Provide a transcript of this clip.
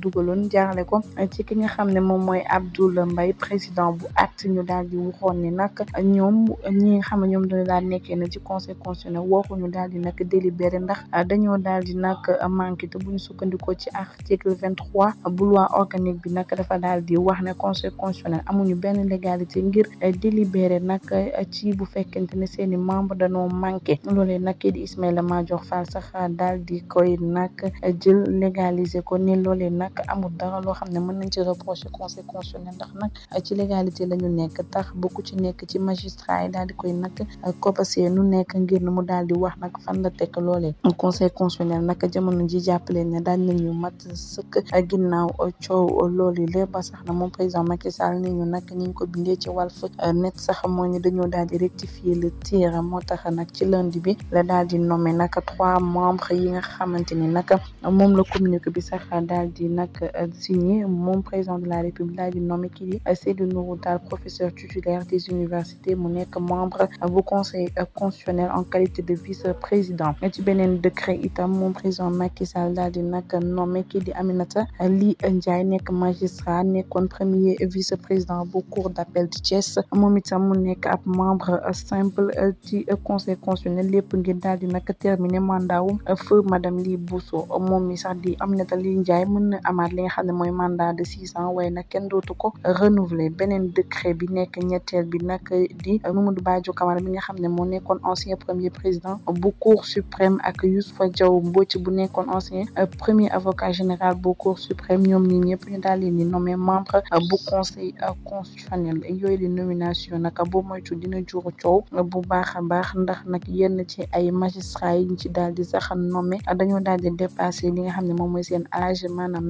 dugaloon jaarale ko ci ki nga xam ne moom mooy Abdoul Mbaye président bu acte ñu daal di waxoon ni nag ñoom ñi nga xam ne ñoom dañu daal nekkee na ci conseil constitutionnel waxuñu daal di nag délibéré ndax dañoo daal di nag manqué te buñu ñu sukkandikoo ci article vingt trois bu loi organique bi nag dafa daal di wax ne conseil constitutionnel amuñu benn légalité ngir délibéré nag ci bu fekkente ne seen i membre dañoo manqué loolee nak kii di Ismaïla Madior Fall sax daal di koy nag nag amul dara loo xam ne mën nañ ci reproché conseil constitutionnel ndax nag ci légalité la ñu nekk tax bokku ci nekk ci magistrat yi daal di koy nag copasé nu nekk ngir mu daal di wax nag fan la tekk loolee conseil constitutionnel nag jamono ji jàppale ne daal nañu mat sëkk ginnaaw coow loolu lépp ba sax na moom président Macky Sall ni ñu nag ni ko bindee ci wal Walf net sax moo ni dañoo daal di rectifier le tir moo tax nag ci lundi bi la daal di nommé nag trois membres yi nga xamante ni nag moom la communiqué bi sax daal di nag signé mon président de la république du di nommé c'est di nouveau professeur titulaire des universités mon est membre vos conseils constitutionnels en qualité de vice président du bénin décret itam mon président Macky Sall daal di nag nommé kii di Aminata li Ndiaye nek magistrat nekkoon premier vice président au cours d'appel de Thiès mon itam mon membre simple du conseil constitutionnel les ngir daal terminé terminer mandat feu madame Li Bousso mon mi di Aminata li Ndiaye amaat li nga xam ne mooy mandat de six ans waaye nag kenn dootu ko renouveler beneen décret bi nekk ñetteel bi nag di Mamadou Badio Camara bi nga xam ne moo nekkoon ancien premier président bu cour suprême ak Youssoufa Diaw Mbodj bu nekkoon ancien premier avocat général bu cour suprême ñoom ñi ñëpp ñu daal leen di nommé membre bu conseil constitutionnel yooyu di nomination nag boo moytu dina jur coow bu baax a baax ndax nag yenn ci ay magistrats yi ñu ci daal di sax nommé dañoo daal di dépassé li nga xam ne moom mooy seen âge maanaam